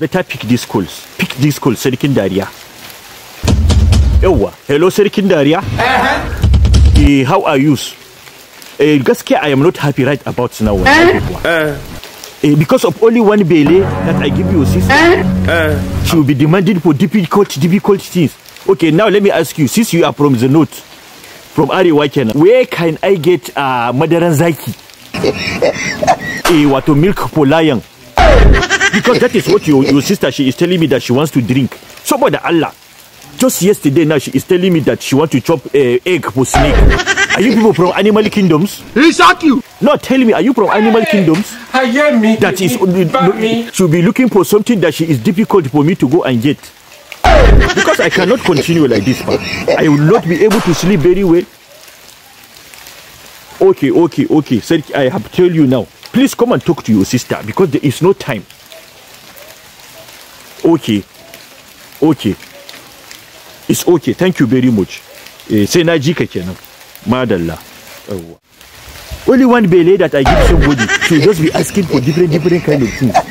better pick these schools pick these schools sarkin dariya hello sarkin uh-huh. eh how are you eh gaskiya i am not happy right about now uh-huh. eh because of only one bele that I give you, sister, uh, uh-huh. she will be demanded for difficult, difficult things. Okay, now let me ask you, since you are from the north, from Arewa Kenya, where can I get uh, madaran zaki? eh, wato milk for lion because that is what your, your sister she is telling me that she wants to drink. Somebody Allah. Just yesterday now she is telling me that she wants to chop uh, egg for snake. Are you people from animal kingdoms? Exactly. No, tell me, are you from animal kingdoms? I hear me. That is to uh, she'll be looking for something that she is difficult for me to go and get. Because I cannot continue like this, man. I will not be able to sleep very well. Okay, okay, okay. Sir, I have told you now. Please come and talk to your sister because there is no time. okay okay it's okay thank you very much eh, sai na ji ka kenan madalla only one belay that i give somebody to just be asking for different different kind of things